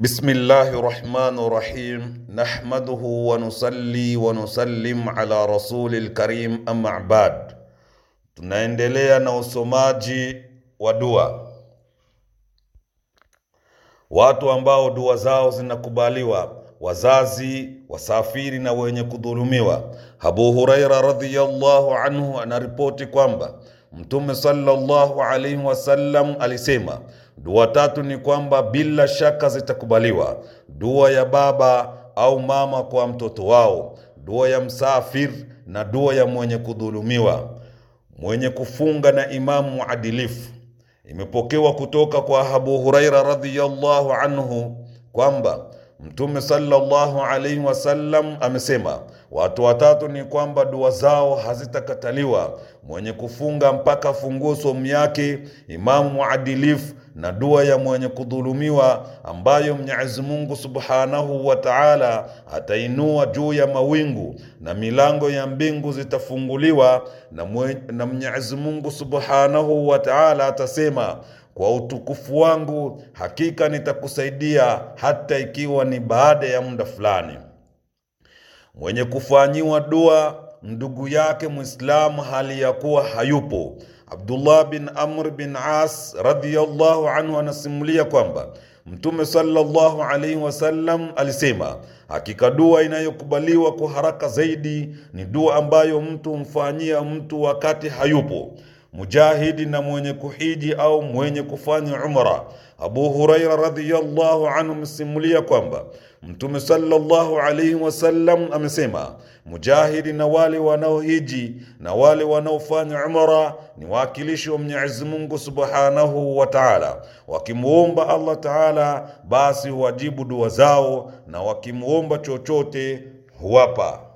بسم الله الرحمن الرحيم نحمده ونصلي ونسلم ala رسول الكريم أما بعد tunaendelea na usomaji wa dua watu ambao dua zao zinakubaliwa wazazi wasafiri na wenye kudhulumiwa Abu Huraira radhiyallahu anhu anaripoti kwamba mtume sallallahu alayhi wasallam alisema Dua tatu ni kwamba bila shaka zitakubaliwa: dua ya baba au mama kwa mtoto wao, dua ya msafir na dua ya mwenye kudhulumiwa, mwenye kufunga na imamu muadilifu. Imepokewa kutoka kwa Abu Huraira radhiyallahu anhu kwamba Mtume sallallahu alaihi wasallam amesema watu watatu ni kwamba dua zao hazitakataliwa: mwenye kufunga mpaka fungue somu yake, imamu mwadilifu, na dua ya mwenye kudhulumiwa ambayo Mwenyezi Mungu subhanahu wa taala atainua juu ya mawingu na milango ya mbingu zitafunguliwa, na Mwenyezi Mungu subhanahu wa taala atasema kwa utukufu wangu, hakika nitakusaidia hata ikiwa ni baada ya muda fulani. Mwenye kufanyiwa dua ndugu yake Muislamu hali ya kuwa hayupo. Abdullah bin Amr bin As radhiyallahu anhu anasimulia kwamba Mtume sallallahu alaihi wasallam alisema, hakika dua inayokubaliwa kwa haraka zaidi ni dua ambayo mtu humfanyia mtu wakati hayupo mujahidi na mwenye kuhiji au mwenye kufanya umra. Abu Huraira radhiyallahu anhu amesimulia kwamba Mtume sallallahu alaihi wasallam amesema, mujahidi na wale wanaohiji na wale wanaofanya umra ni wawakilishi wa Mwenyezi Mungu subhanahu wa taala. Wakimwomba Allah taala, basi huwajibu dua zao, na wakimwomba chochote huwapa.